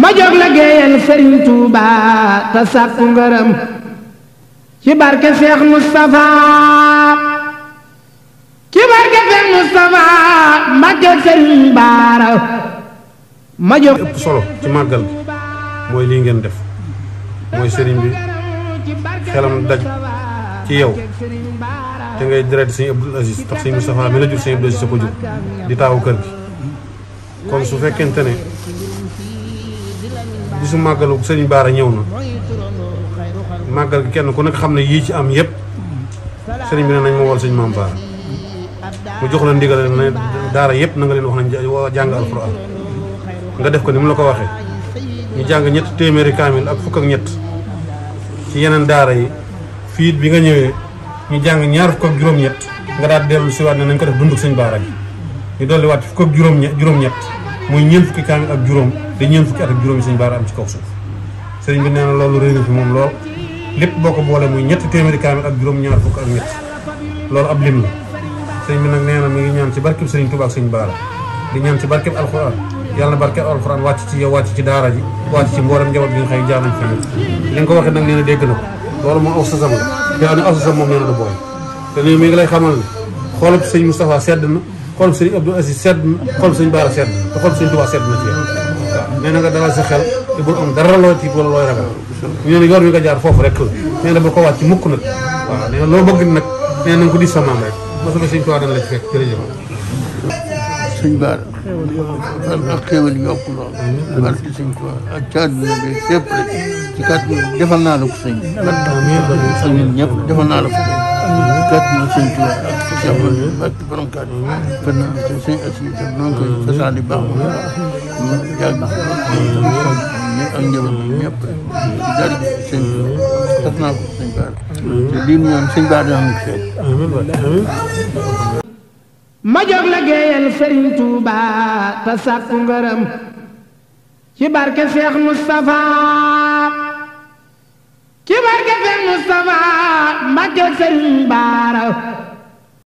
ma jóg la géeyal sëriñ Tuuba te sàkku ngërëm ci barke Seex Mustapha ci barke Seex Mustapha Mbàkke sëriñ Baara ma jóg ëpp solo ci màggal bi mooy lii ngeen def mooy sëriñ bi xelam daj ci yow te ngay deret sëñ Abdul Aziz tax sëñ Mustapha mi la jur sëñ Abdul Aziz sa ko jur di taawu kër gi kon su fekkente ne bisu màggalu sëriñ Baara ñëw na màggal gi kenn ku nekk xam ne yii ci am yëpp sëriñ bi ne nañ ma wol sëñ maam Baara mu jox la ndigal ne daara yëpp na nga leen wax nañ jàng alxuraan nga def ko ni mu la ko waxee ñu jàng ñett téeméeri kaamil ak fukk ak ñett ci yeneen daara yi fiit bi nga ñëwee ñu jàng ñaar fukk ak juróom-ñett nga daal dellu si waat ne nañ ko def dunduk sëñ Baara gi ñu dolli waat fukk ak juróom-ñett juróom-ñett muy ñeent fukki kaamil ak juróom te ñeent fukki at ak juróom yi sëñ baara am ci kaw suuf sëriñ bi nee na loolu réy na fi moom lool lépp boo ko boole muy ñetti téeméeri kaamil ak juróom ñaar fukk ak ñett loolu ab lim la sëriñ bi nag nee na mi ngi ñaan ci barkeb sëriñ Tuubaa ak sëñ baara di ñaan ci barkeb alxuraan yàlla na barkeb alxuraan wàcc ci yow wàcc ci daara ji wàcc ci mboolem njaboot bi nga xëy jaar nañ fi li nga ko waxee nag nee na dégg na ko loolu moom aw sasam la yaa ne aw sasam moom nee na du booy te mi ngi lay xamal ne xoolub sëñ Moustapha sedd na xol sëriñ Abdou Aziz sedd na xol sëriñ Baara sedd na te xol sëriñ Tuubaa sedd na ci waaw nee na nga dalal sa xel te bul am dara loo tiit wala looy ragal ñu ne yoon wi nga jaar foofu rek la nee na ba ko wàcc ci mukk nag waaw nee na loo bëgg nag nee na nga ko di sa maam rek mosuma sëriñ Tuubaa dana la ci fekk jërëjëf sëñ Baara ak xéwal yokk lool barke sëñ Tuubaa ak caaduna bi fépp rek ci kàddu defal naa la ko sëñ bi ñëpp defal naa la ko kàddu na ma mu la géeyal sëriñ Tuuba te sàkku ngërëm ci barke Cheikh Moustapha joog sëriñ baara